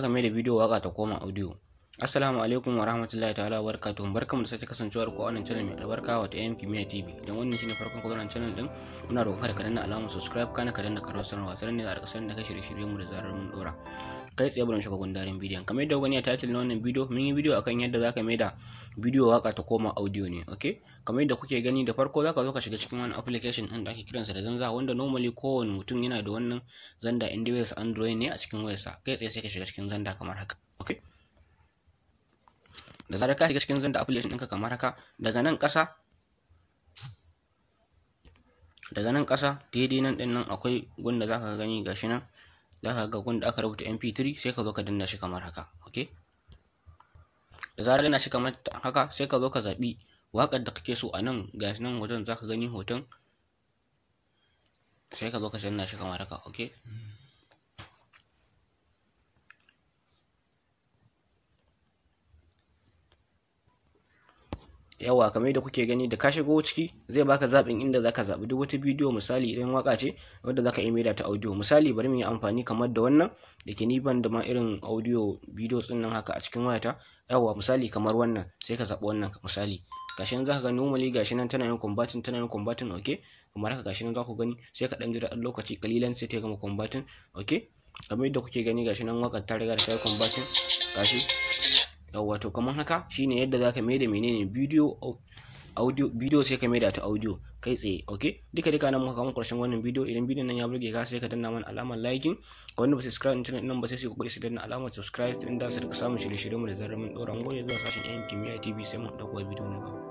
aka mai da bidiyo waka ta koma audio assalamu alaikum wa rahmatullahi ta'ala wa barakatuh barkamu da sake kasancewar ku a wannan channel mai albarka wato AM Kimia TV dan wannan shine farkon kuzuran channel din muna roƙon ka da ka danna subscribe kana ka danna karo sanarwa sannan ne a ƙarshen da ka shirye shiryen mu da zarar mun dora kai tsaye bari shiga gundarin bidiyon kamar yadda gani a title na wannan bidiyo mun yi bidiyo akan yadda zaka maida bidiyo waka ta koma audio ne okay kamar yadda kuke gani da farko zaka zo ka shiga cikin wani application din da ake kiransa da zanza wanda normally kowane mutum yana da wannan zanda inda wayarsa android ne a cikin wayarsa kai tsaye sai ka shiga cikin zanda kamar haka okay da zarar ka shiga cikin zanda application ɗinka kamar haka daga nan ƙasa daga nan ƙasa daidai nan ɗin nan akwai gunda zaka gani gashi nan za ka ga gun da aka rubuta mp3 sai ka zo ka danna shi kamar haka ok da zarar yana shi kamar haka sai ka zo ka zaɓi waƙar da kake so a nan ga nan hoton za ka gani hoton sai ka zo ka danna shi kamar haka ok yawa kamar yadda kuke gani da ka shigo ciki zai baka zaɓin inda zaka zaɓi duk wata bidiyo misali idan waka ce wadda zaka yi maida ta audio misali bari mu yi amfani kamar da wannan da ke ban da ma irin audio bidiyo din nan haka a cikin wayata yawa misali kamar wannan sai ka zaɓi wannan misali gashi nan zaka ga normally gashi nan tana yin combating tana yin combating okay kamar haka gashi nan zaku gani sai ka dan jira dan lokaci kalilan sai ta gama combating okay kamar yadda kuke gani gashi nan wakar ta riga ta yi combating gashi wato kamar haka shine yadda zaka maida menene bidiyo audio bidiyo sai ka maida ta audio kai tsaye ok duka duka nan muka kama karshen wannan bidiyo idan bidiyon nan ya burge ka sai ka danna mana alamar liking ko wanda ba su subscribe din nan ba sai su kokari su danna alamar subscribe din da su rika samun shirye-shiryen mu da zarar mun dora mu zuwa sashen AM Kimiyya TV sai mu dauko bidiyo na gaba